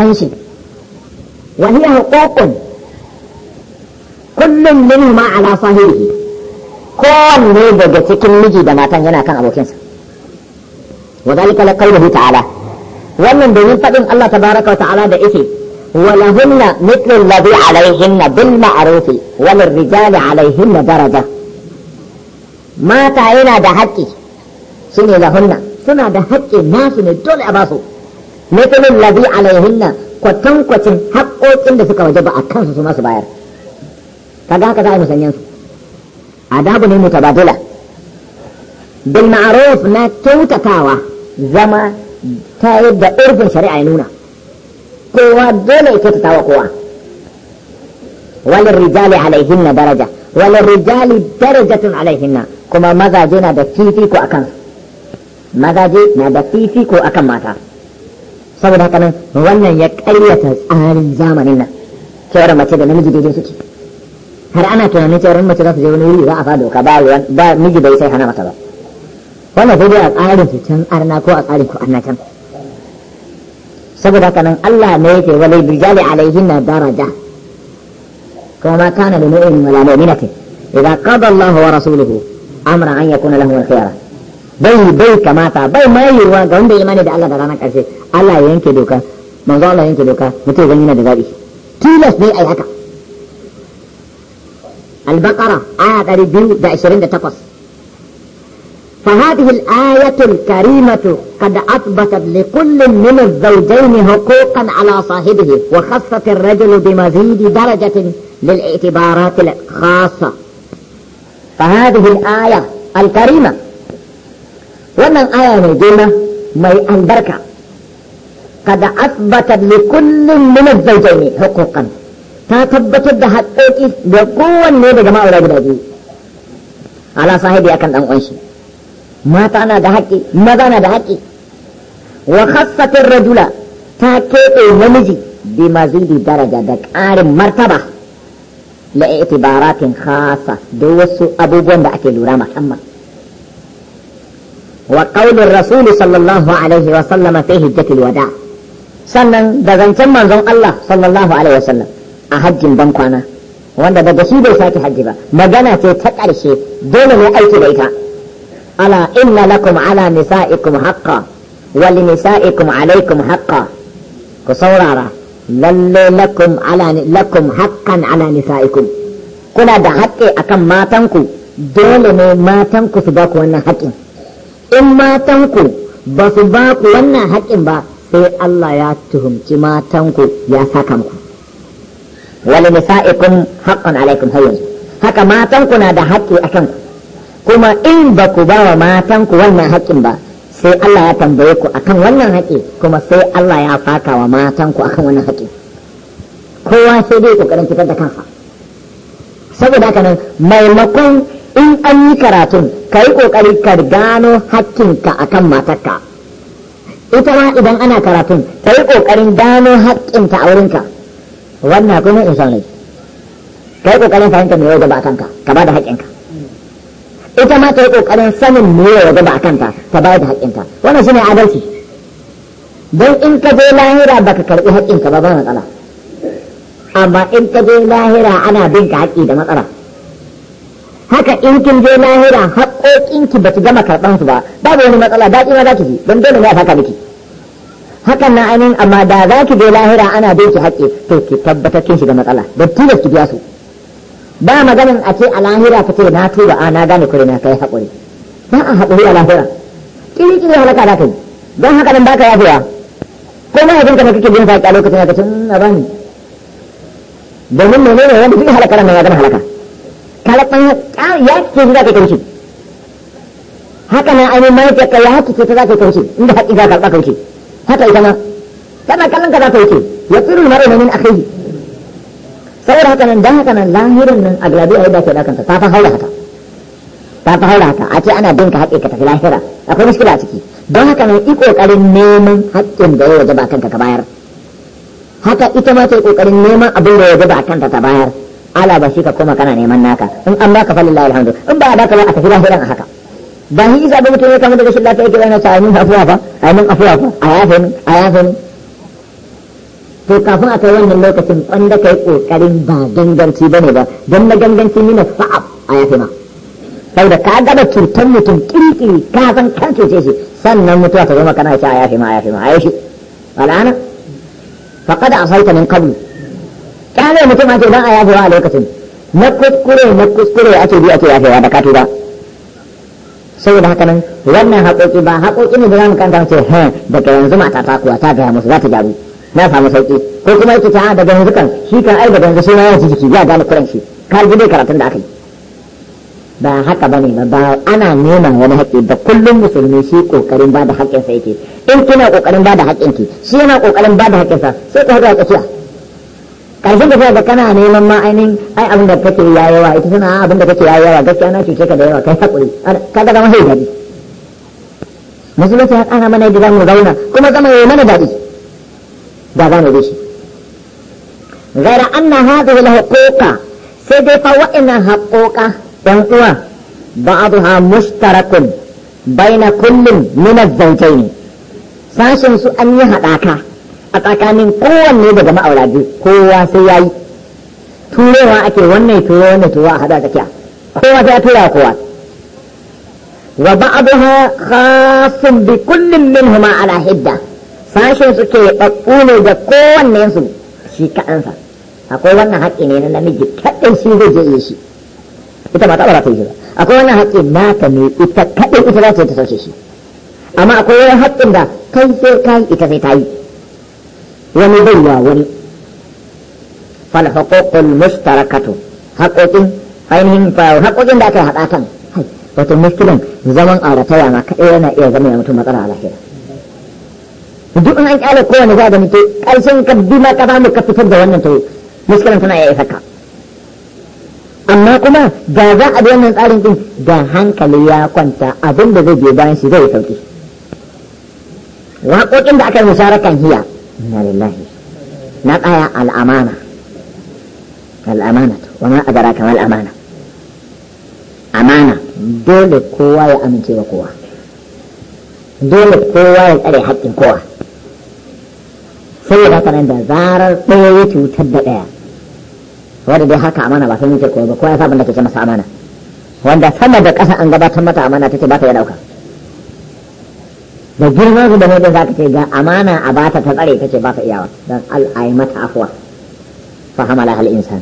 ماشي وهي حقوق كل منهما على صاحبه كل نيدا تكن نجي بما كان ينا كان ابو كنسا وذلك لقوله تعالى ومن دليل فضل الله تبارك وتعالى بإثي ولهن مثل الذي عليهن بالمعروف وللرجال عليهن درجة ما تعينا دهكي سنة لهن سنة دهكي ما سنة دول أباسو مثل الذي عليهن kwatankwacin haƙoƙin da suka waje ba a kansu su masu bayar kaga haka za a yi musanyen adabu ne mutabadila bil ma'ruf na kyautatawa zama ta yadda urfin shari'a ya nuna kowa dole ya kyautatawa kowa wani rijali alaihinna daraja wani rijali darajatun alaihinna kuma mazaje na da fifiko akan mazaje na da fifiko akan mata saboda haka nan wannan ya karyata tsarin zamanin nan cewar mace da namiji daidai suke har ana tunanin cewar mace za su je wani wuri za a fa doka ba ba miji bai sai hana mata ba wannan sai dai a tsarin su can arna ko a tsarin ku arna can saboda haka nan Allah ne yake walai bijali na daraja kuma ma kana da mu'min wala mu'minatin idan qada Allah wa rasuluhu amra an yakuna lahu al-khiyara bai bai kamata bai mai yiwuwa ga wanda imani da Allah da ranar karshe Allah ya yanke doka manzo Allah yanke doka mutum zan yana da zabi tilas ne ai haka البقرة آية ريبيو دا 28 فهذه الآية الكريمة قد أثبتت لكل من الزوجين حقوقا على صاحبه وخصت الرجل بمزيد درجة للاعتبارات الخاصة فهذه الآية الكريمة ومن آية نجمة ما البركة قد أثبتت لكل من الزوجين حقوقا ta tabbatar da haƙoƙi da kowanne daga ma'aura guda biyu ala sahibi akan dan uwan shi mata na da haƙƙi maza na da haƙƙi wa khassatir rajula ta keɓe namiji bi mazidi daraja da ƙarin martaba la itibaratin khassa da wasu abubuwan da ake lura musamman wa qaulur rasul sallallahu alaihi wa sallama fi hijjatil wada' sannan da zancen manzon Allah sallallahu alaihi wasallam a hajjin ban kwana wanda daga shi bai sake hajji ba magana ce ta ƙarshe dole ne aiki da ita ala inna lakum ala nisa'ikum haqqa wa li nisa'ikum alaikum haqqa ku saurara lalle lakum ala lakum haqqan ala nisa'ikum kuna da haƙƙi akan matanku dole ne matanku su ba ku wannan haƙƙin in matanku ba su ba ku wannan haƙƙin ba sai Allah ya tuhumci matanku ya saka muku wani nisa'ikum haqqan alaikum har yanzu haka matanku na da haƙƙi a kanku kuma in ba ku ba wa matanku wannan haƙƙin ba sai Allah ya tambaye ku akan wannan haƙƙi kuma sai Allah ya faka wa matanku akan wannan haƙƙi kowa sai dai kokarin fitar da kansa saboda haka nan maimakon in an yi karatun ka yi kokari ka gano haƙƙinka akan matarka ita ma idan ana karatun ta yi ƙoƙarin gano haƙƙinta a wurinka wannan kuma insan ne ka yi ƙoƙarin fahimta me yau ba a kanka ka ba da haƙƙinka ita ma ta yi ƙoƙarin sanin me yau ba a kanta ta ba da haƙƙinta wannan ne adalci don in ka je lahira ka karɓi haƙƙinka ba ba matsala amma in ka je lahira ana bin ka haƙƙi da matsala haka in kin je lahira haƙoƙin ki bata gama karɓan su ba ba wani matsala ki ma za ki ji don dole ne a faka miki hakan na ainihin amma da za ki je lahira ana bin ki haƙƙi to ki tabbatar kin shiga matsala da tilas ki biya su ba maganin a ce a lahira ka ce na tuba a na gane kure na kai haƙuri ba a haƙuri a lahira kiri kiri halaka za ka yi don haka nan baka yafiya ko ma yadda ka kake bin faƙi a lokacin haka cin mm, na bani domin menene wanda duk halaka nan ya gama halaka karɓan ah, yakin za ka kauce haka na ainihin mahaifiyarka ya haki ce ta za ka kauce inda haƙi za ka karɓa kauce haka ita ma tana kallon ka za ya tsiru mara mai min akhihi saboda haka nan dan haka nan lahirin nan a galabi a yadda ke dakanta ta fa haura haka ta fa haura a ce ana bin ka haƙe ka tafi lahira akwai muskila a ciki don haka nan i ƙoƙarin neman haƙƙin da ya waje ba kanka ka bayar haka ita ma ta yi ƙoƙarin neman abin da ya waje ba kanta ta bayar ala ba shi ka koma kana neman naka in an baka fa lillahi alhamdu in ba a baka ba a tafi lahiran a haka ba ni isa ba mutum ya kama da shi lafiya yake yana cewa mun afuwa fa ai mun afuwa fa a yafe ni a yafe ni to kafin a kai wannan lokacin wanda kai kokarin ba ganganci bane ba dan na ganganci ni na sa'ab a yafe ma saboda ka gaba cutar mutum kirkiri ka san kan cuce shi sannan mutuwa ta zama kana cewa a yafe ma a yafe ma a yafe al'ana faqad asaita min qablu ɗanar mutum ake don a yafewa a lokacin na kuskure na kuskure ake bi ake yafewa da katu ba saboda haka nan wannan haƙoƙi ba haƙoƙi ne da za mu kanta ce ha daga yanzu mata ta kuwa ta gaya musu za ta gyaru na samu sauƙi ko kuma yake ta ah, daga yanzu kan shi kan ai daga yanzu shi ma ya jiki ya gane kuran shi ka ji dai karatun da aka yi ba haka ba ne ba ana neman wani haƙƙi da kullum musulmi shi ƙoƙarin ba da haƙƙinsa yake in kina ƙoƙarin ba da haƙƙinki shi yana ƙoƙarin ba da haƙƙinsa sai ka haɗu a tsakiya karshen tafiya da kana neman ma ai abin da kake yayawa, ita tana ah, abin da kake yayawa, yawa gaskiya na cuce ka da yawa kai haƙuri ka daga mahai gari musulunci ya kana mana yadda zamu zauna kuma zama ya mana daɗi da zamu bi shi gara an na hada wala haƙoƙa, sai dai fa wa'innan haƙoƙa. dan uwa ba'daha bai na kullum min az-zawjayn Sashen su an yi haɗaka. a tsakanin kowanne daga ma'aura biyu kowa sai ya yi turewa ake wannan turo wannan turo a hada kya kowa sai ya tura kowa wa ba'daha khasun bi kullin huma ala hidda sashen suke babbu ne da kowanne su shi kaɗansa akwai wannan haƙƙi ne na namiji kaɗai shi zai je shi ita ba taɓa ba ta yi ba akwai wannan haƙƙi ta ne ita kaɗai ita za ta yi ta sauke shi amma akwai wani haƙƙin da kai sai kai ita sai ta yi wani bai wa wani falhaƙoƙon mustarakatu haƙoƙin ainihin haƙoƙin da aka haɗa kan wato muskilan zaman aurataya ma kaɗai yana iya zama ya mutum matsala a lahira duk an ƙyale kowane za a mutu to ƙarshen ka bi ka ba mu ka fitar da wannan to muskilan tana iya isaka amma kuma ga za a bi wannan tsarin din ga hankali ya kwanta abin da zai je bayan shi zai sauki waƙoƙin da aka yi musarakan hiya inna lillahi na ɗaya al'amana al'amana wani adara kamar amana amana dole kowa ya amince kowa dole kowa ya tsare haƙƙin kowa saboda haka nan da zarar ɗaya ya cutar da ɗaya wanda dai haka amana ba sai mace kowa ba kowa ya sabon da ke amana wanda sama da ƙasa an gabatar mata amana ta ce ba ya ɗauka da girma da ne da za ka ce ga amana a bata ta tsare ba baka iyawa don al'ai mata afuwa fa hamala hal insan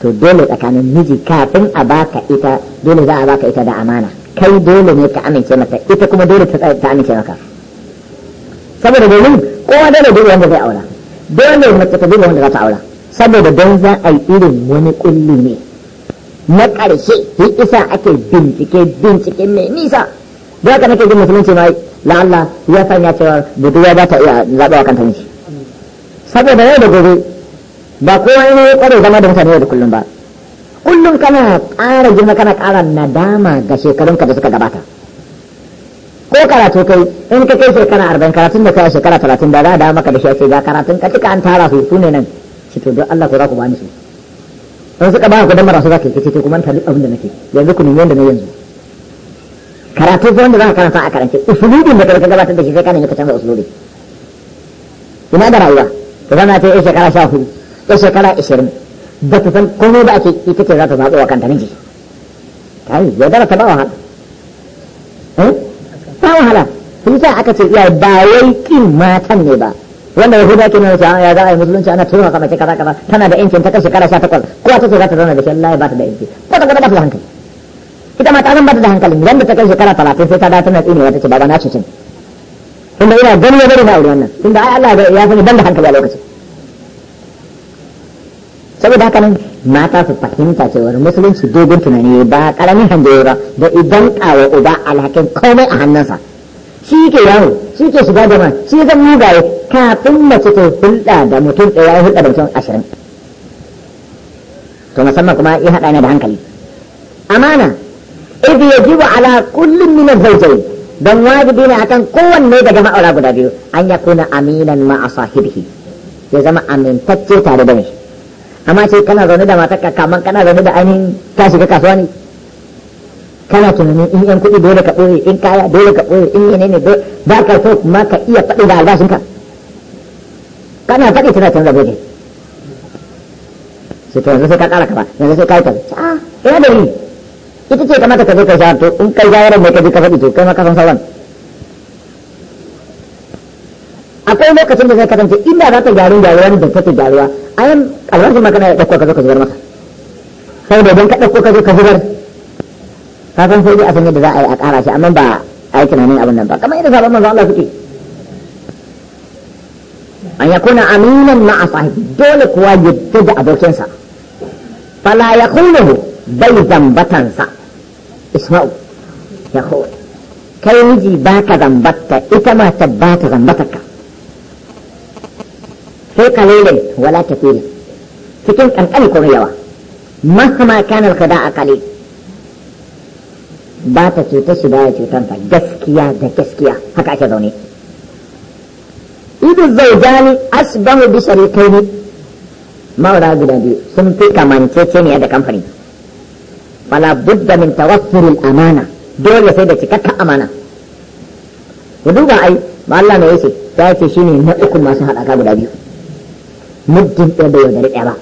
to dole tsakanin miji kafin a ba ka ita dole za a ba ka ita da amana kai dole ne ka amince mata ita kuma dole ta amince maka saboda domin kowa dole dole wanda zai aura dole mace ta dole wanda za ta aura saboda don za a yi irin wani kulli ne na ƙarshe shi isa ake bincike bincike mai nisa da haka nake jin musulunci mai la'alla ya sanya cewa budurwa ba ta iya zaɓa kanta miji saboda yau da gobe ba kowa yana ya kware zama da mutane yau da kullum ba kullum kana ƙara girma kana ƙara nadama ga shekarunka da suka gabata ko karatu kai in ka kai shekara arba'in karatun da kai shekara talatin da za a dama maka da shi sai ga karatun ka cika an tara su su ne nan shi to don Allah ko za ku bani su in suka ba ku dan su za ka yi kace kuma ta duk abin da nake yanzu ku nemi yanda na yanzu karatu ko wanda za ka karanta a karance usulubin da ka gabatar da shi sai ka nemi ka canza usulubi ina da rayuwa ta zama ta yi shekara sha hudu ya shekara ashirin ba ta san komai da ake ita ce za ta zaɓo wa kanta miji ya dara ta ba wahala eh? ba wahala sun sa aka ce iyaye ba wai kin matan ne ba wanda yahuda ke nuna cewa ya za a yi musulunci ana turma kamar shekara kaza tana da yankin ta kai shekara sha takwas kowa ta ce za ta zauna da shi Allah ya ba ta da yanci ko ta gaba da hankali ita ma ta zan bada da hankalin wanda ta kai shekara talatin sai ta da tana tsinewa ta ce baba na cucin tunda ina gani ya bari na aure wannan tunda ai Allah ya sani banda da hankali a lokacin saboda haka nan mata su fahimta cewar musulunci dogon tunani ba karamin hanjoyi ba da idan kawo uba alhakin komai a hannunsa shi ke yawo shi ke shiga ma shi zan mugaye kafin mace ta hulɗa da mutum ɗaya ya hulɗa da mutum ashirin to musamman kuma ya haɗa ne da hankali amana إذ يجب على كل من الزوجين دم واجب لنا أكن قوة نيدا جماعة ولا بد بيو أن يكون أمينا مع صاحبه يزما أمين تتشي تاري دمش أما شيء كان زوني دا ما كمان كان زوني دا أمين كاشي كاسواني kana tunanin in yan kuɗi dole ka in kaya dole ka in yene ne ba ka ka iya faɗi da albashinka kana faɗi tana canza gobe sai to yanzu sai ka ƙara ka ba yanzu sai ka yi a ita ce kamata ka je ka sha to in kai jawaran mai ka je ka faɗi to kai ma ka san sauran akwai lokacin da zai kasance inda za ta gyaru gyaruwan da take gyaruwa a alwashin ma kana ya ɗauko ka zo ka zubar masa sai da idan ka ɗauko ka zo ka zubar ka san sai dai a san yadda za a yi a ƙara shi amma ba a yi tunanin abin nan ba kamar yadda sabon manzo Allah suke an kuna aminan a sahibi dole kuwa yadda da abokinsa fala yakuluhu bai zambatansa isma'u ya kowa kai miji ba ka zambatta ita ma ta ba ta zambatarka sai kalilin wala tafiya cikin kankani ko yawa mahama kanar kada a kalil ba ta cuta shi ba ya cutanta gaskiya da gaskiya haka ake zaune idu zaujani asbahu bi sharikaini ma'aura guda biyu sun fi kamanceceniya da kamfani فلا بد من توفر الأمانة دول سيدة تكتها أمانة ودوبا أي ما الله ما يسي تأتي شيني نأكل ما سهل أكابو دابيو مدين إبا يودرق إبا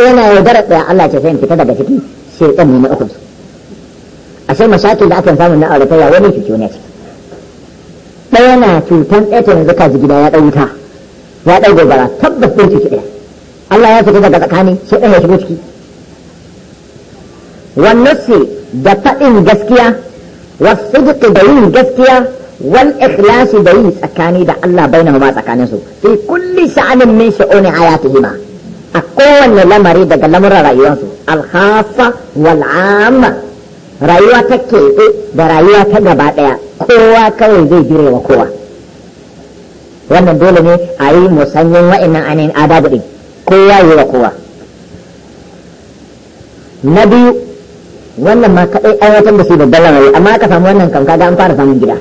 إنا يودرق يا الله تسين كتابة تكي شيطان من أكل أشياء مشاكل da akan samu na auratayya wani cuci wani ciki ɗaya na cutan ɗaya ta yanzu kaji gida ya ɗau wuta ya ɗau gobara tabbas ɗin cuci ɗaya Allah ya fita daga tsakani sai ɗaya ya والنصف da faɗin gaskiya wasidqi da yin gaskiya wal ikhlasi da yi tsakani da Allah bainahuma tsakanin su fi kulli sha'anin min sha'uni hayatihima a kowanne lamari daga lamuran rayuwarsu alhafa wal amma rayuwa ta keɓe da rayuwa ta gaba ɗaya kowa kawai zai jire wa kowa wannan dole ne a yi musanyen wa'annan anin adabu ɗin kowa wa kowa na biyu wannan ma kaɗai aiwatar da su da dalar rai amma ka samu wannan kanka da an fara samun gida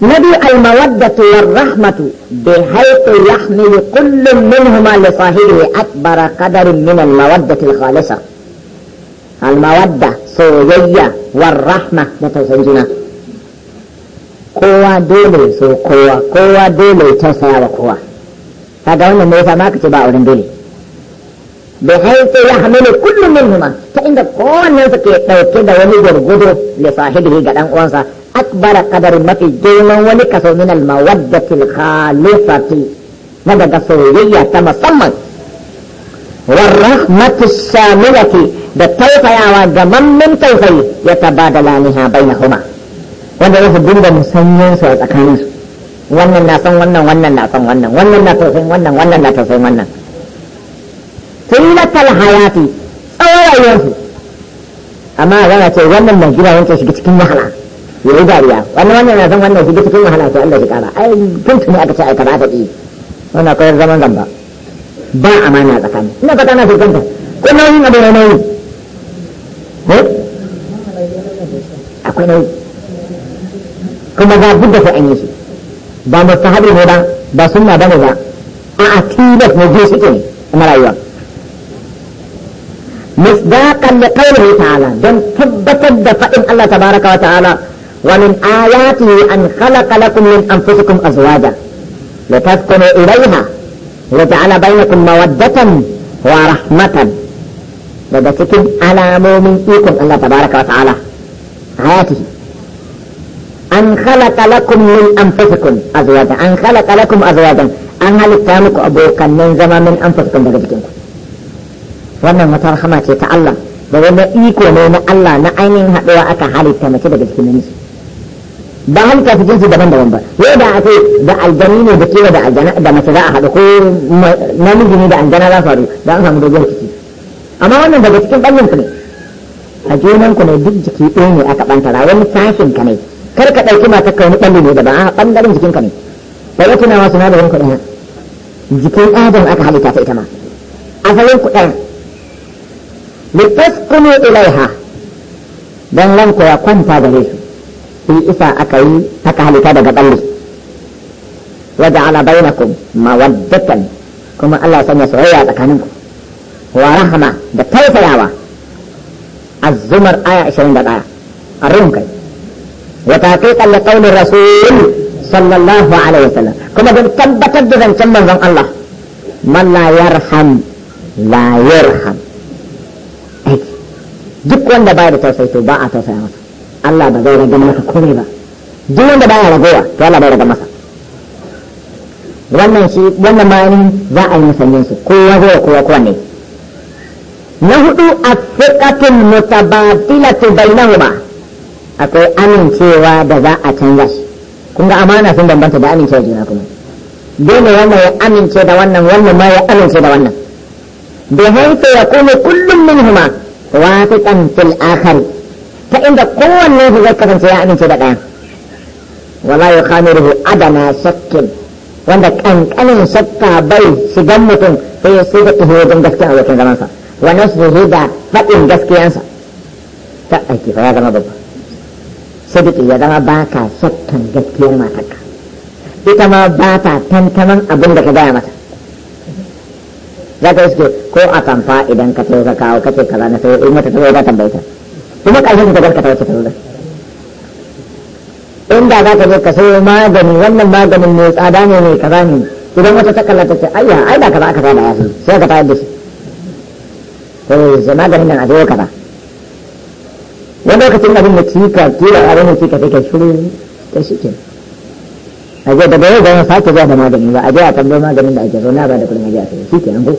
na biyu almawaddatu warrahmatu bi haythu yahmilu kullum minhuma li sahibihi akbara qadarin min almawaddati alkhalisa almawadda soyayya warrahma da tausan juna kowa dole so kowa kowa dole tausaya wa kowa kaga wannan ne yasa ma kace ba auren dole بحيث يحمل كل منهما فعند كل من سكي توكي دا وني جرغدو لصاحبه wani أنقوانسا أكبر قدر ما في جيما ولكسو من المودة الخالصة نجد قصوية تمصمم والرحمة الشاملة da tausaya wa ga tausayi ya tabadala ni ha bai na kuma wanda ya hudu da musanyen sa a wannan na wannan wannan na wannan wannan na tausayin wannan wannan na tausayin wannan tilatal hayati tsawayarsu amma zana ce wannan mai gida wancan shiga cikin wahala ya yi dariya wannan wannan na san wannan shiga cikin wahala to Allah shi kara ai tun tuni aka ce ai kaza ta yi wannan kawai zaman gamba ba amana a tsakani ina tana na shirkanta ko nauyin abu ne nauyi eh? akwai nauyi kuma ga budda sai an yi shi ba sahabi ne ba ba sunna ba ne ba a'a tilas ne je shi ne na rayuwa مصداقا لقوله تعالى دم ثبت فإن الله تبارك وتعالى ومن آياته أن خلق لكم من أنفسكم أزواجا لتسكنوا إليها وجعل بينكم مودة ورحمة لذلكم على مؤمن فيكم الله تبارك وتعالى آياته أن خلق لكم من أنفسكم أزواجا أن خلق لكم أزواجا أن هل التامك أبوك أن ينزم من أنفسكم بذلكم wannan wata rahama ce ta Allah da wani iko ne na Allah na ainihin haɗuwa aka halitta mace daga cikin namiji ba halitta su jinsi daban daban ba yau da ake da aljani ne da kewa da aljana da mace za a haɗu ko namiji ne da aljana za su haɗu da an samu dogon ciki amma wannan daga cikin ɓallin ku ne a junan ku ne duk jiki ɗaya ne aka ɓantara wani sashin ka ne kar ka ɗauki matar ka wani ɓalli ne daban a ɓangaren jikin ka ne ba ya tunawa suna da wani kuɗin jikin adam aka halitta ta ita ma asalin kuɗin litaskunu ilaiha dan ranku ya kwanta gare su shi isa aka yi aka daga balli wajen ala bainakum mawaddatan kuma Allah sanya soyayya tsakaninku wa rahama da tausayawa الزمر آية 20 دقيقة الرم كي وتحقيقا لقول الرسول صلى الله عليه وسلم كما قد تبتد ذن allah من لا يرحم لا يرحم duk wanda baya da tausayi to ba a tausaya masa Allah ba zai raga maka komai ba duk wanda baya ragowa to Allah bai raga masa wannan shi wannan bayanin za a yi musamman su kowa zai kowa kowa ne na hudu a fiƙatun mutabatilatu bainahuma akwai amincewa da za a canza shi kun ga amana sun bambanta da amincewa juna kuma dole wannan ya amince da wannan wannan ma ya amince da wannan bi ya kuma kullum min huma wasiqan fil akhari ta inda kowanne su zai kasance ya amince da ɗaya wala yukhamiruhu adana shakkin wanda kankanin shakka bai shigan mutum sai ya sai da tuhojin gaskiya a wajen zamansa su nasruhu da faɗin gaskiyansa ta eh, aiki fa ya zama babba sadiki ya zama ba ka shakkan gaskiyar matarka ita ma ba ta tantaman abin da ka gaya mata za ka iske ko a kamfa idan ka ka kawo kace kaza na sai in mata tsoro za ta baita kuma ƙarshen ta garka ta wace tawo inda za ka je ka sayo magani wannan maganin mai tsada ne mai kaza ne idan wata ta kalla ta ce ayya ai da kaza aka fada ya sai ka tayar da shi to sai maganin nan a zo kaza wani lokacin abin da cika kira abin da cika take shiru ta shi ke a jiya daga yau zama sake zuwa da magani ba a je a tambayi maganin da ake na ba da kudin a je a sayo shi ke an ko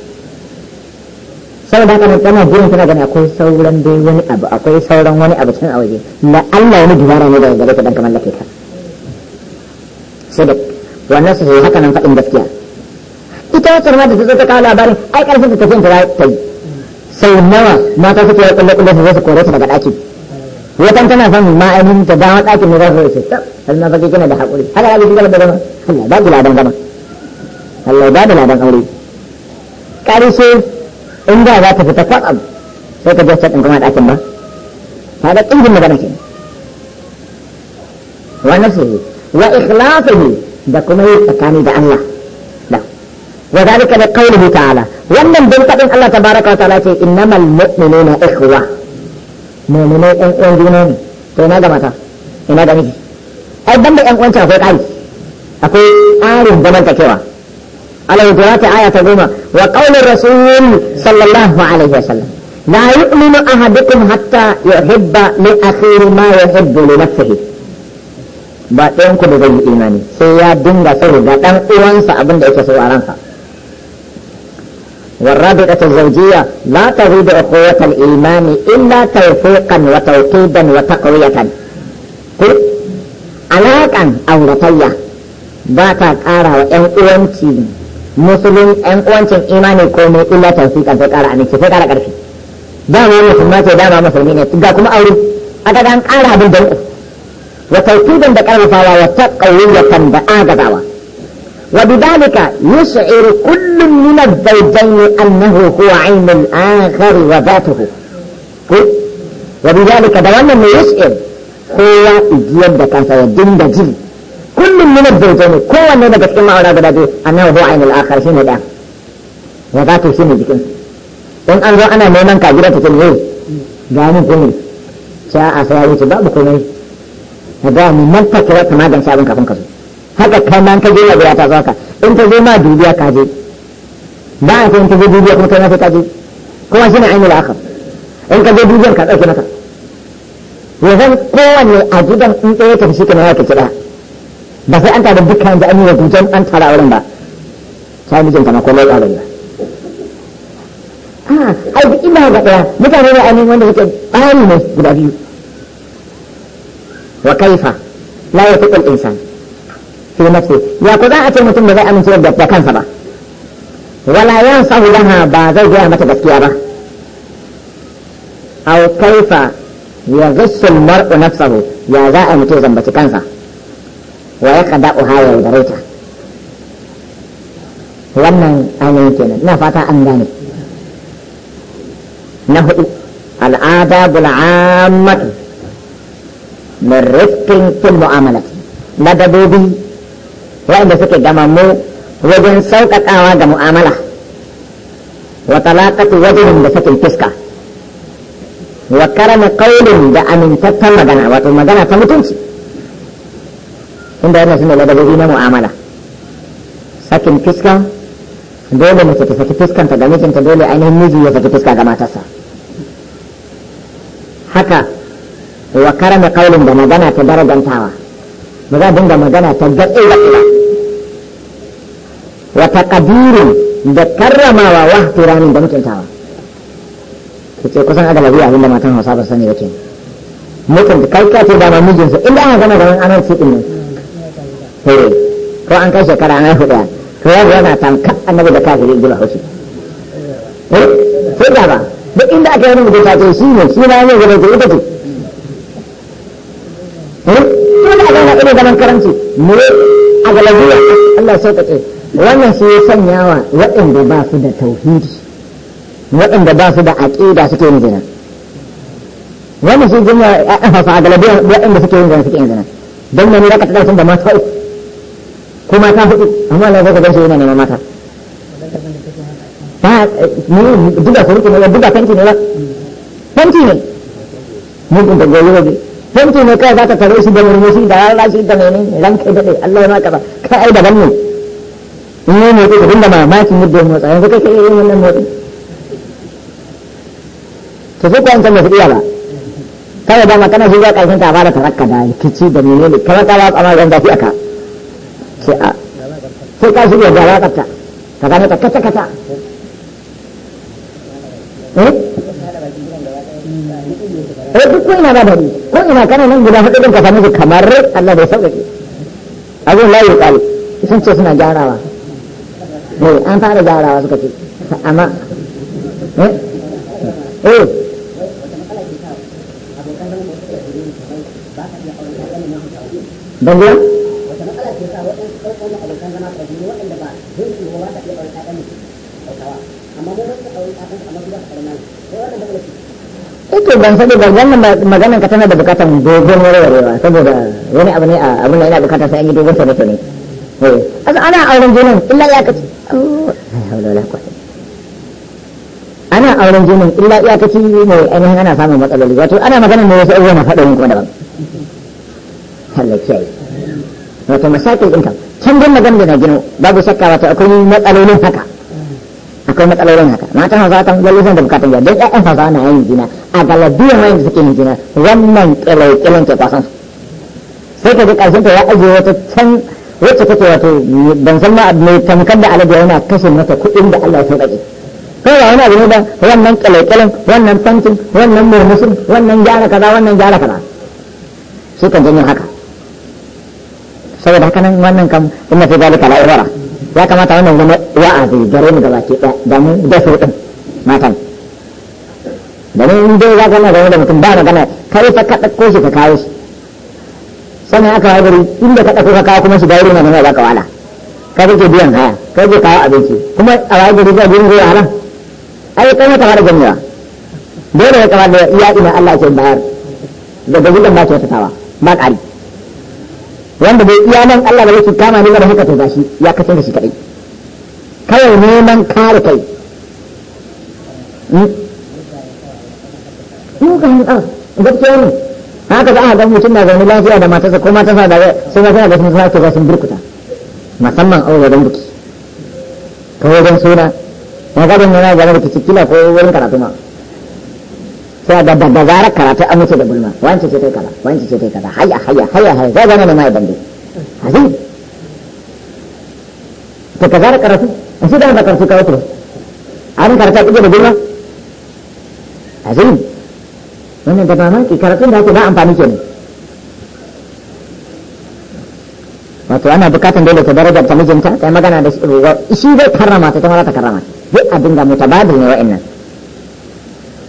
da haka tana jiran tana gani akwai sauran dai wani abu akwai sauran wani abu can a waje la Allah wani dubara ne daga gare ka dan kamar lake ka wannan su haka nan faɗin gaskiya ita wacce ma da ta zo ta kawo labarin ai karfin ta tafiyan ta ta yi sau nawa mata suke yi kulle kulle su zai su kore ta daga ɗaki wata tana son ma'anin ta dawo ɗakin ne za su ce ta har na fage kina da haƙuri haka ya ji gaba da zama Allah ba da ladan zama Allah ba da ladan aure ƙarshe Inda da za ta fita kwaɗam sai ka jasta ɗin kuma ɗakin ba ta da ƙungin magana ke wa nafsihi wa ikhlasihi da kuma yi tsakani da Allah da wa zalika da qawlihi ta'ala wannan dan kadin Allah tabaaraka wa ta'ala ce innamal mu'minuna ikhwa mu'mina ɗan uwan juna ne to na ga mata ina ga miki ai banda ɗan uwan ce akwai ƙari akwai ƙarin zamantakewa cewa الأوتورات آية تقوم وقول الرسول صلى الله عليه وسلم لا يؤمن أحدكم حتى يحب لأخيه ما يحب لنفسه ba ɗayan ku da zai yi imani sai ya dinga sau ɗan uwansa abin da yake so a ranka warra da ta zaujiya la ta zai da ƙuwatar imani illa ta yi fuƙan wa tauƙidan wa ta ƙauyatan ku alaƙan auratayya ba ta ƙara wa ɗan uwanci musulun yan uwancin imani ko mai illa tawfiqa sai kara aminci sai kara karfi dama musulma ce dama musulmi ne ga kuma aure aka dan kara abin danko wa tawfiqan da karfa wa taqawiyatan da agazawa وبذلك يشعر كل من الزوجين أنه هو عين الآخر وذاته وبذلك kowa يشعر da إجيان دكانسا dinda jiri. kullum min ad-zawjayn kowanne daga cikin ma'aura guda biyu annahu huwa ainul akhar ne da wa zatu shine jikin in an zo ana neman ka gida take ne ga mun kuma sai a sai wuce babu komai ga mu man takira ta magance abin kafin ka zo haka kai man ka je ya gida ta zo ka in ta zo ma dubiya ka je ba a in ta zo dubiya kuma kai na sai ka je shi ne ainul akhar in ka zo dubiyan ka dauke maka yanzu kowanne a gidan in ɗaya tafi shi kana ya kiɗa ba sai an tada dukkan da an yi rubutan an tara auren ba sai mijin ta makomai auren ba a ah, ai duk ina ga daya mutane ne ainihin wanda yake tsari ne guda biyu wa kaifa la yafiqu al-insan fi nafsi ya ko a ce mutum ba zai amince da kansa ba wala yansahu laha ba zai gaya mata gaskiya ba aw kaifa ya ghassu al-mar'u nafsahu ya za a mutu zambaci kansa wa ya kada uha ya yaudare ta wannan ainihin kenan na fata an gane na hudu الآداب العامة من رفق في المعاملة مدبوبي وإن سكي جمامو وجن سوك أكاوا معاملة وطلاقة وجن بسك الفسكة وكرم قول بأمن تتم مدنة وتمدنة تمتنشي inda yana suna ladabobi na mu'amala sakin fiska dole mace ta saki fiskanta ga mijinta dole ainihin miji ya saki fiska ga matarsa haka wa karama kaulin da magana ta darajantawa ba za dinga magana ta gatsi wa ila wa taqdirin da karramawa wa turanin da mutuntawa kace kusan aka labiya abinda matan Hausa ba sani ba mutum da kai kace da mijinsa inda ana gama da an an sai din Eh, ko an kai shekara an haihu daya to ya zo yana tamkar annabi da kafiri gula haushi sai eh, da ba duk inda aka yi wani ta ce shi ne shi eh, na ne gaba ce ita ce ko da aka yi irin zaman karanci mu a galabiya Allah sai ka ce wannan sai ya sanya wa waɗanda ba su da tauhidi waɗanda ba su da aƙida suke yin zina wannan shi jima a galabiya waɗanda suke yin zina suke yin zina don ne ne za ka taɗa sun da masu haihu. ko mata hudu amma Allah zaka gaishe yana neman mata ba ne duka ko ne duka kanki ne ba kanki ne mun da goyi waje kanki ne kai zaka tare shi da murmushi da allah rashi da menene ranka da Allah ma kaza kai ai daban ne in ne ne ko da makin yadda motsa yanzu kai kai irin wannan motsi to sai ko an san mafi ba kawai dama makana shi ya karshen ta fara tarakka da kici da menene kamar ta ba tsamar ran da fi aka sai a sai ka shirya da waƙarta ka gane ta kata kata eh, eh duk wani ina ba da ko ina kana nan guda hudu din ka samu su kamar Allah bai sauƙaƙe abin layi ƙali sun ce suna jarawa ne eh, an fara jarawa suka ce amma eh eh ban Ito ban sabi ba wannan maganan ka tana da bukatar dogon warwarewa saboda wani abu ne a abin da yana bukatar sai an yi dogon sabi ne. Eh, asa ana auren jinin illa ya kaci. Ana auren jinin illa ya kaci mai ainihin ana samun matsaloli wato ana maganan ne wasu abubuwa na faɗin kuma daban. Allah kiyaye. Wato masakin ɗinka. Can dai maganar da na gino babu shakka wato akwai matsalolin haka. akwai matsalolin haka mata ta kan sun da bukatun yadda ƴaƴan hausa na yin jina a galabiyar wayan da suke yin jina wannan ƙilau-ƙilan ke kwasan sai ka ji ƙarshen ta ya ajiye wata can wacce take wato ban san ma mai tamkar da alade yana kashe mata kuɗin da Allah ya sauƙaƙe kai ba wani abu ne ba wannan ƙilau wannan fantin wannan murmushin wannan gyara kaza wannan gyara kaza Sai kan janyo haka saboda haka nan wannan kam inna fi zalika la'ibara ya kamata wannan zama wa'azi gare mu gaba ke da mu da su din matan domin in dai za ka na da mutum ba magana kai ta ka ɗauko shi ka kawo shi sannan aka yi gari inda ka ɗauko ka kawo kuma shi da irin magana za ka wala ka ke biyan haya ka zai kawo abinci kuma a waye gari za biyan goya haram ai kai mata fara ganewa dole ya kamata ya ina Allah ke bayar da gajidan ba kyautatawa ba ƙari wanda bai iya nan Allah ba yake kama ne da haka to gashi ya kace da shi kadai kawai neman kare kai in ka hanka gaskiya ne haka za a ga mutum na zaune lafiya da matarsa ko matarsa da sai ga ga sun sake ga sun burkuta musamman aure don biki ko wajen suna ya ga ban yana da ta cikila ko wurin karatu ma sai ga da zarar karatu an mutu da gulma wance ce kai kaza wance ce kai kaza hayya hayya hayya hayya zai zama da mai dande azim to ka zara karatu a shi da ba karatu ka wuce an karatu a ka da gulma azim wannan da ba ki karatu da ake ba amfani kenan wato ana bukatan dole ta darajar ta mijinta ta magana da shi zai karrama ta ta mara ta karrama duk abin da mutabadil ne wa'annan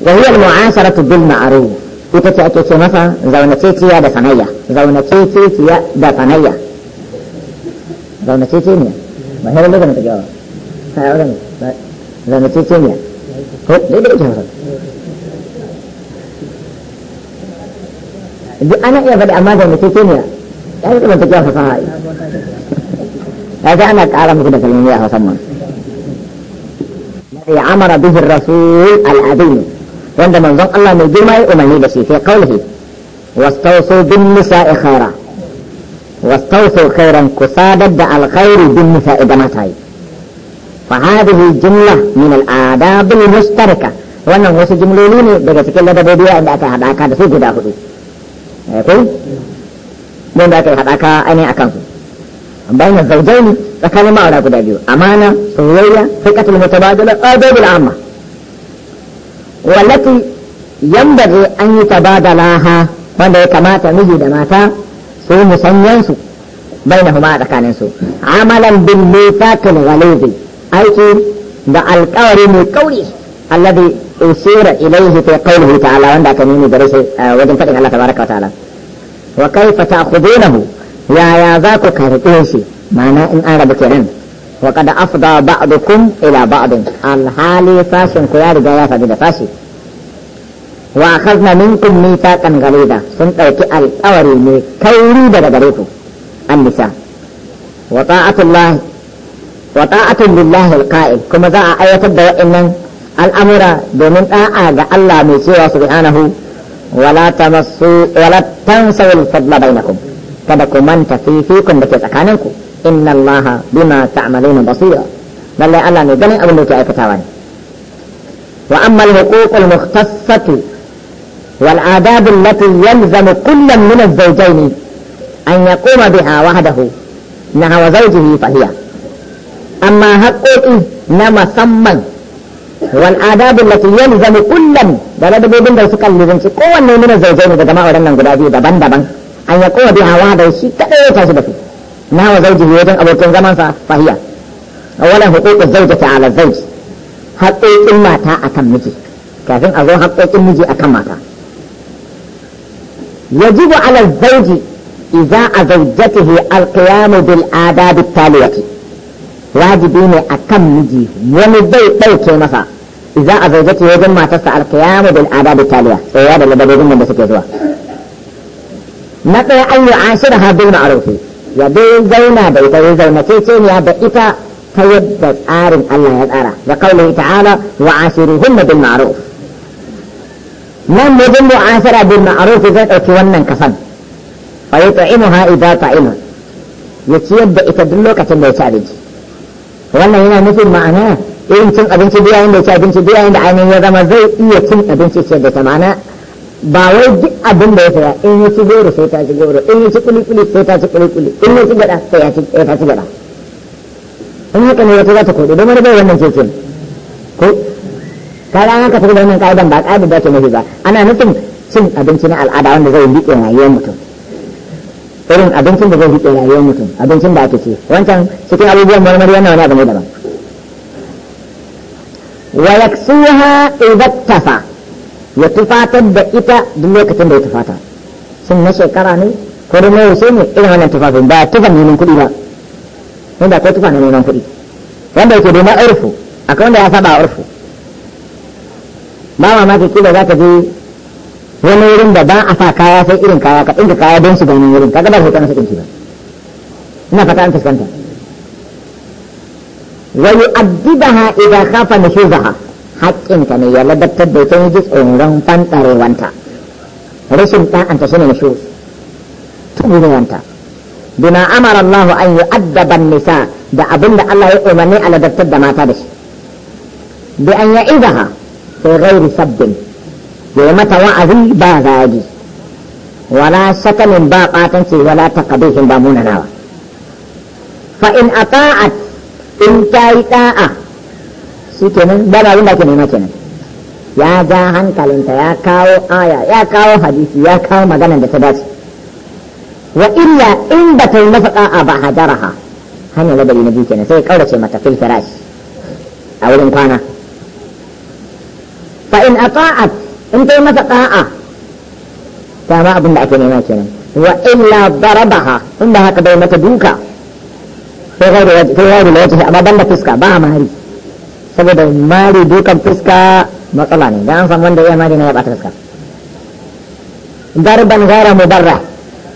وهي المعاشرة بالمعروف إتتأتي في مفا زونتيتي يا دفنية زونتيتي في دفنية زونتيتي نيا ما هي اللغة نتجاوها هاي أولاني زونتيتي أنا يا بدي أما زونتيتي نيا يا يعني بلو من تجاوها فهاي هذا أنا كعالم كده كلمية هو سمع الذي عمر به الرسول العظيم wanda manzon Allah mai girma ya umarni da shi sai kaulihi wastausu bin nisa'i khaira wastausu khairan ku sadar da alkhairi bin nisa'i da matayi fa hadhihi jumla min al-adab al-mushtarika wannan wasu jumloli ne daga cikin ladabobi da aka hadaka da su guda hudu akwai eh, mun da aka hadaka ainihin akan su bayan zaujaini tsakanin ma'aura guda biyu amana soyayya fiqatul mutabadila adabul amma wallati yambage an yi laha wanda ya kamata miji da mata su musanyansu huma a tsakaninsu amalan bil mithaqil ghalizi aiki da alƙawari mai kauri alladhi usira ilayhi fi qawlihi ta'ala wanda aka nemi gare shi eh, wajen fadin Allah tabaraka wa ta'ala wa kaifa ta'khudunahu yaya za ku karɓe shi ma'ana in an rabu kenan wa kada afda ba'dukum ila ba'din alhali fashin ku ya riga ya faɗi da fashi wa akhadna minkum mithaqan ghalida sun ɗauki alƙawari ne kauri daga gare ku annisa wa ta'atullah wa ta'atun lillahi alqa'il kuma za a ayatar da wa'annan al'amura domin da'a ga Allah mai cewa subhanahu wala tamassu wala tansawul fadla bainakum kada ku manta fifikun da ke tsakaninku inna allaha bima ta'maluna basira lalle Allah ne ganin abin da yake aikatawa ne wa amma al-huquq al-mukhtassatu wal adab allati yalzamu kullan min az-zawjayn an yaquma biha wahdahu naha wa zawjihi fa hiya amma haqqoqi na musamman wal adab allati yalzamu kullan da ladabobin da suka lizanci kowanne min az-zawjayn daga ma'auran nan guda biyu daban-daban an yaquma biha wahdahu shi kadai ya tashi da su nawa zaujihi wajen abokin zamansa fahiya awwalan huququ zawjati ala zawj haƙoƙin mata akan miji kafin a zo haƙoƙin miji akan mata yajibu ala zawji idza azawjatihi alqiyamu bil adab at wajibi ne akan miji wani bai ɗauke masa idza azawjatihi wajen matarsa alqiyamu bil adab at-taliya tsaya da ladabobin da suke zuwa na ɗaya an yi ashira ha bil ma'rufi ya dai zauna bai ta ya zauna ce ce da ita ta yadda tsarin Allah ya tsara da kaulin ala wa ashiruhun bin ma'ruf nan ne bin mu'ashara bin ma'ruf zai ɗauki wannan kasan fa ha idza ta'ima ya ciyar yadda ita duk lokacin da ya ci abinci wannan yana nufin ma'ana irin cin abinci duk yayin da ya ci abinci duk yayin da ainihin ya zama zai iya cin abinci ciyar da ta ma'ana ba wai duk abin da ya saya in yi su goro sai ta ci goro in yi su kulikuli sai ta ci kulikuli in yi su gada sai ya ci ta ci gada in haka ne wata za ta kodo don wani bai wannan cecin ko ka rana ka tafi da wannan ka'idan ba ka'idar da ke mafi ba ana nufin cin abinci na al'ada wanda zai liƙe rayuwar mutum irin abincin da zai liƙe rayuwar mutum abincin da ake ci wancan cikin abubuwan marmari yana wani abu ne daban wa yaksuha idattafa ya tufatar da ita duk lokacin da ya tufata sun na shekara ne ko da mai wuce ne irin wannan tufafin ba tufan neman kuɗi ba da ko tufa neman kuɗi wanda yake domin urfu akwai wanda ya saba urfu ba mamaki kila za ka je wani wurin da ba a sa kaya sai irin kaya ka inda kaya don su gani wurin kaga ba su kana su ba ina fata an fuskanta wa yu'addibaha idza khafa nushuzaha ta ne ya ladattar da ita ya tsoron fantsarewanta rashin ta'anta shi ne na shuru tuburewanta bima amara Allah an yi addaban nisa da abin da Allah ya umarni a ladattar da mata da shi bi an ya izaha ko sabbin ya yi mata wa'azi ba zagi wala shakalin ba ɓatanci wala taqabihin ba munanawa fa in ata'at in ta yi ɗa'a shi kenan ba abin da ake nema kenan ya ja hankalinta ya kawo aya ya kawo hadisi ya kawo maganar da ta dace wa illa in ba ta yi masa da'a ba ha hanyar da na biyu kenan sai ya kaurace mata fil firash a wurin kwana fa in ata'at in ta yi masa da'a ta ma abin da ake nema kenan wa illa darabaha in ba haka bai mata duka sai gairi wajihi amma ban da fuska ba a mahari saboda mari dukan fuska matsala ne da an san wanda ya mari na ya bata fuska garban gara mu barra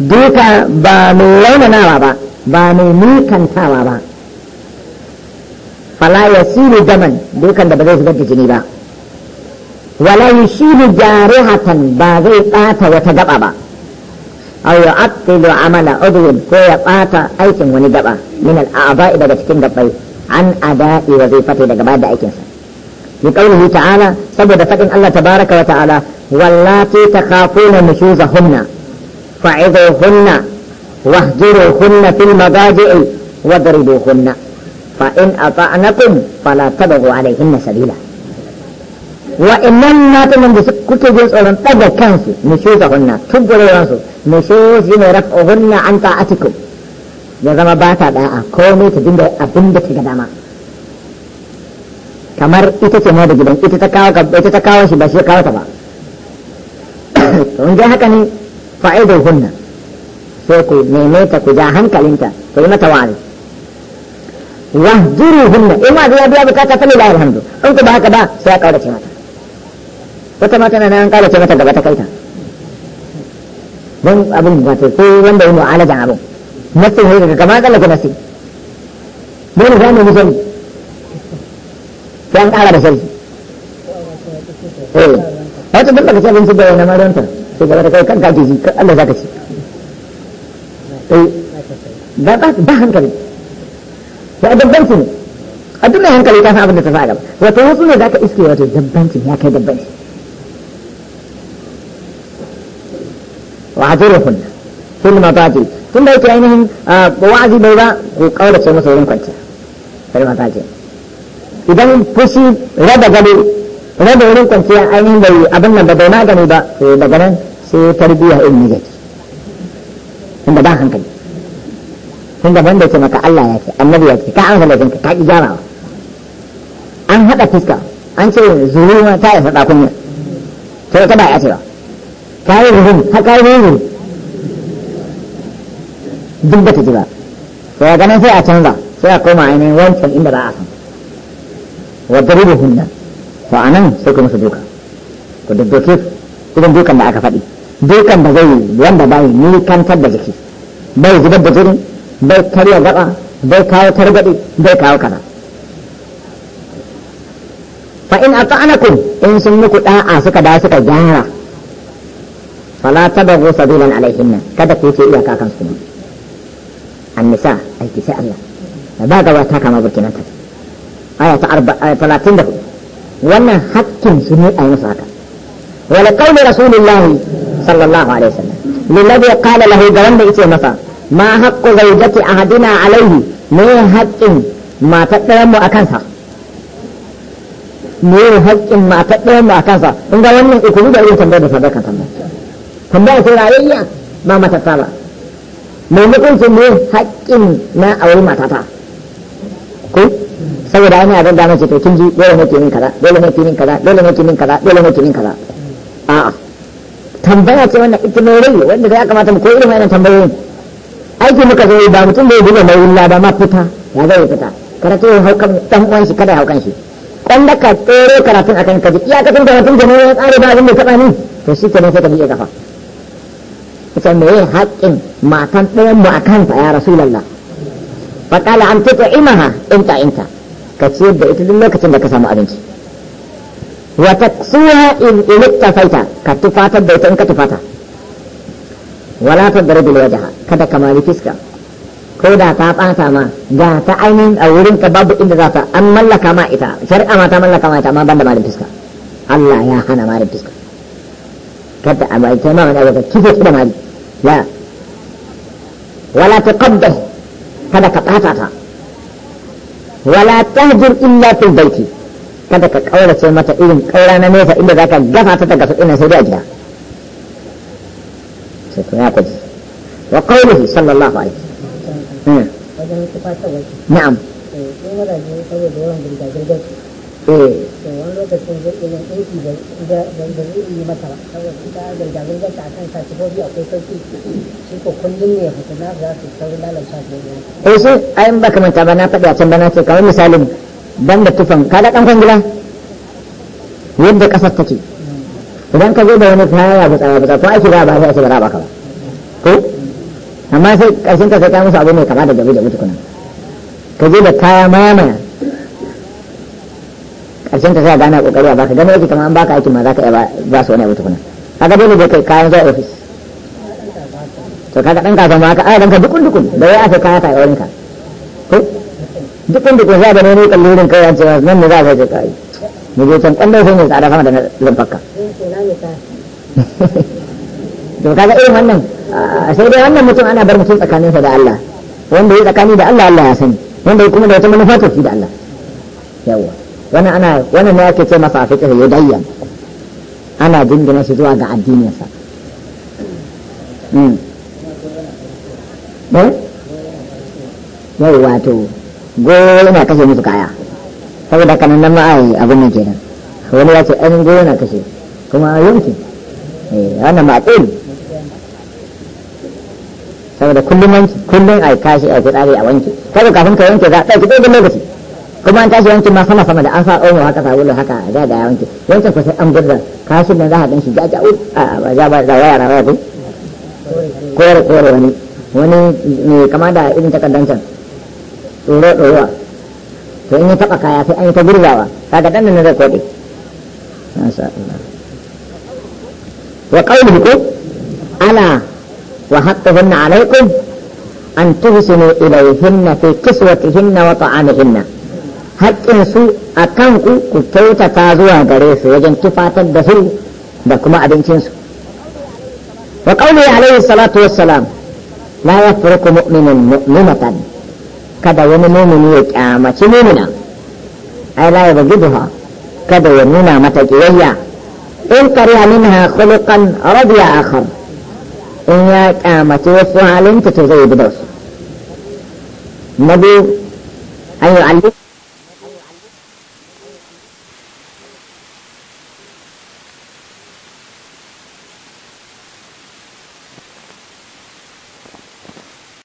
duka ba mai nawa ba ba mai nikantawa ba fala ya siri daman dukan da ba zai zubar da jini ba wala yi shiri hatan ba zai ɓata wata gaba ba أو ko ya ya aikin wani wani min من abai daga cikin gabbai. an zai wazifati daga bayar da aikinsa bi qawlihi ta'ala saboda faɗin Allah tabaraka wa ta'ala wallati takhafuna nushuzahunna fa'iduhunna wahjuruhunna fil madaji'i wadribuhunna fa in ata'nakum fala tabghu alayhinna sabila wa'annan matan da kuke jin tsoron ɗaga kansu nushuzahunna tubburewansu nushuz yana raf'uhunna an ta'atikum ya zama ba ta da'a komai ta dinga abin da ta ga dama kamar ita ce da gidan ita ta kawo ita ta kawo shi ba shi kawo ta ba to in dai haka ne fa'idar hunna sai ku neme ta ku ja hankalinta ku yi mata wa wahjuru hunna in ma ya biya bukata ta lillahi alhamdu in ku ba haka ba sai ya kaurace mata wata mata na an kaurace mata gaba ta kaita don abin wato sai wanda yi mu'alajan abin hoyi daga gama kala ku nassi mun ga mun sani sharhi sai an kara da sharhi eh wata duk baka ci abinci da maranta sai gaba da kai kanka ke ji Allah zaka ci eh. ba ba hankali ba dabbanci ne a duniya hankali ta san abin da ta sa gaba wato wasu ne zaka iske wato dabbanci ya kai dabbanci wa kunna fil mataji tun da yake ainihin wa'azi bai ba ku kaurace masa wurin kwanci fil mataji idan fushi rada gado rada wurin kwanciya ainihin bai abin nan da bai magani ba to daga nan sai tarbiyya ilmi yake inda ba hankali tunda ban da ce maka Allah ya ce annabi ya ce ka an halajin ka ki gyarawa an haɗa fuska an ce zuruwa ta yi faɗa kunya to kada ya ce ba ta yi zuhun ta ka yi zuhun duk ba ta ji ba to daga nan sai a canza sai a koma ainihin wancan inda ba a san wa daribu hunna to a nan sai ku musu duka ku daddoke irin dukan da aka faɗi dukan da zai wanda bai ni kantar da jiki bai zubar da jini bai karya gaba bai kawo targaɗe bai kawo kaza fa in ata'anakum in sun muku da'a suka da suka gyara fala tabagu sabilan alaihinna kada ku ce iyaka kansu ne annisa aiki sai Allah ba gaba ta kama burkinan ta aya ta 34 wannan hakkin su ne a yi musu haka wala qauli rasulullahi sallallahu alaihi wasallam lillazi qala lahu ga wanda yace masa ma haqqu zawjati ahadina alaihi ne haƙƙin matar ɗayan mu akan sa ne haƙƙin matar ɗayan mu akan sa in ga wannan ikulu da irin tambayar da ba matatta maimakon sun ne haƙƙin na aure matata ko saboda ana abin damar ce to ji dole ne kinin kaza dole ne kinin kaza dole ne kinin kaza dole ne kinin kaza a'a tambaya ce wannan ita mai rai wanda ya kamata mu koyi irin wannan tambayoyin aiki muka zo ba mutum bai buga mai wulla ba ma fita ya zai fita karatu ya haukan dan uwan shi kada ya haukan shi kwanda ka tsere karatun akan kaji iyakacin tun da ne ya tsare ba abin da taba ni to shi nan sai ka ya kafa ita me ya haƙƙin matan ɗayan mu a kansa ya rasulallah faƙala an tuta imaha inta inta ka ciyar da ita duk lokacin da ka samu abinci wa taksuha in ilikta faita ka tufatar da ita in ka tufata wala ta darbi wajha kada ka mali fiska ko da ta ɓata sama ga ta ainihin a wurin ka babu inda za ta an mallaka ma ita shari'a ma ta mallaka ma ita amma banda malin fiska Allah ya hana malin fiska kada a bai ta ma wani abu ka da mali لا ولا تقبح kada ka ɓata ta wala illa fil baiti kada ka kaurace mata irin kaura na nesa inda zaka gafa ta daga ina sai dai a gida sai wa sallallahu alaihi lokacin zai iya aiki da zai yi mata ba saboda ita zirga ta kan akwai sauki ko kullum ne za su saurin lalata eh sai ai ba ka manta ba na faɗi a can ba na ce kamar misalin ban da tufan kaga dan kwangila yadda kasar take idan ka zo da wani kaya ba tsaya ba ko ake ba ba sai ake ba ba ka ba ko amma sai karshen ka sai ka musu abu mai kama da jabi jabi tukuna ka zo da kaya mamaya ƙarshen ta sa gana kokari a baka gane yake kamar an baka aikin ma zaka iya ba su wani abu tukuna kaga dole da kai kayan zuwa ofis to kaga dan kasuwa ma ka a dan ka dukun dukun da wai aka kaya ka a wurin ka ko dukun dukun za gani ne ne kallurin kai an ce nan ne za ka je kai mu je can kwallon sai ne tsada fama da zan fakka to kaga irin wannan sai dai wannan mutum ana bar mutum tsakaninsa da Allah wanda ya tsakani da Allah Allah ya sani wanda ya kuma da wata manufa to da Allah yawwa wani ana wani ne ake ce masa a ya dayyan ana dindina shi zuwa ga addininsa hmm. eh? yau wato goyo na kashe musu kaya saboda kanan nan ma'ai abin nan kenan wani ya ce an goyo na kashe kuma yanki eh, wannan ba tsiri saboda kullum a kashi a fitsari a wanke kada kafin ka yanke za a ɗauki lokaci kuma an tashi yankin ma sama sama da an sa tsohon haka sabulu haka da da yawanci yankin ku sai an gurza kashin nan za a ganshi jaja u a ba za ba za waya rawa ko kore kore wani wani ne kama da irin takardan can tsoro tsoro to in ya taba kaya sai an yi ta gurzawa kaga dan nan zai kode masha wa qawluhu ko ala wa haqqahunna alaykum an tuhsinu ilayhinna fi kiswatihinna wa ta'amihinna haƙƙinsu a kanku ku kyautata zuwa gare su wajen tufatar da su da kuma abincinsu wa ƙauni alaihi salatu wassalam la ya furku mu'minin mu'minatan kada wani mumini ya kyamaci mumina ai la ya ha kada ya nuna mata ƙiyayya in kariya minha khuluqan radiya akhar in ya kyamaci wasu halinta to zai bi da su na biyu an yi